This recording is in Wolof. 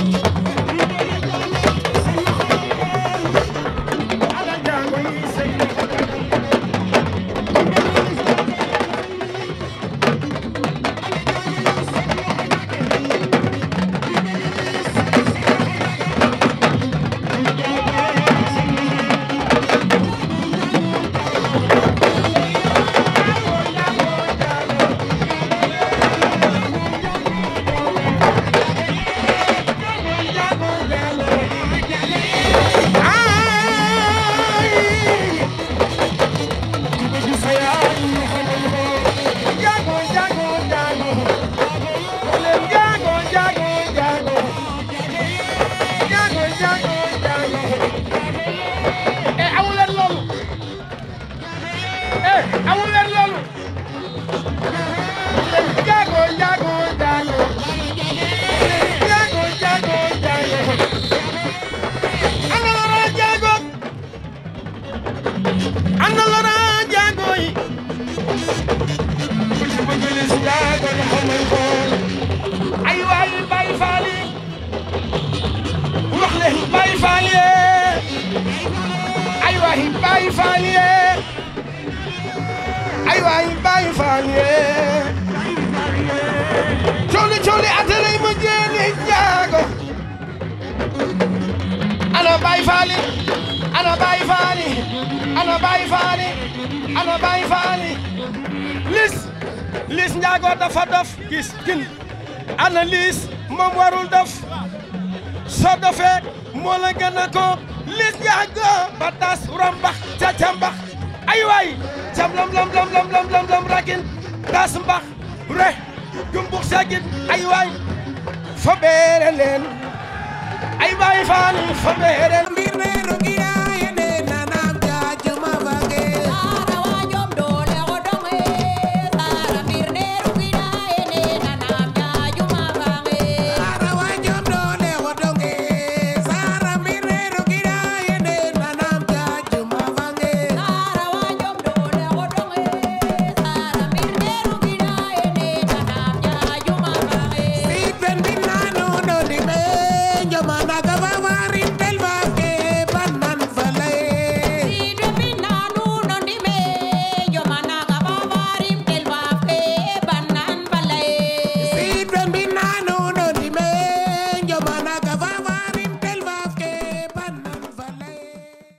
thank you Eh, amul leen loolu jaago jaago jaago jaago jaago jaago ana lora jaago ana lora jaago yi ba jëlis jaago yi xamay ko ay waay Baay Faal yi wax leen Baay Faal yi ay waay Baay Faal yi fanye coli coli atalay ma jeene jaago ana bay faali ana bay faali ana bay bay faali lis lis njaago dafa dof gis kin ana liis moom warul dof soo dofee moo gën a ko lis njaago ba tas rombax ay waay jam lam lam lam lam lam lam lam rakin das mbax re ay waay fa beere leen ay waay faan fa beere leen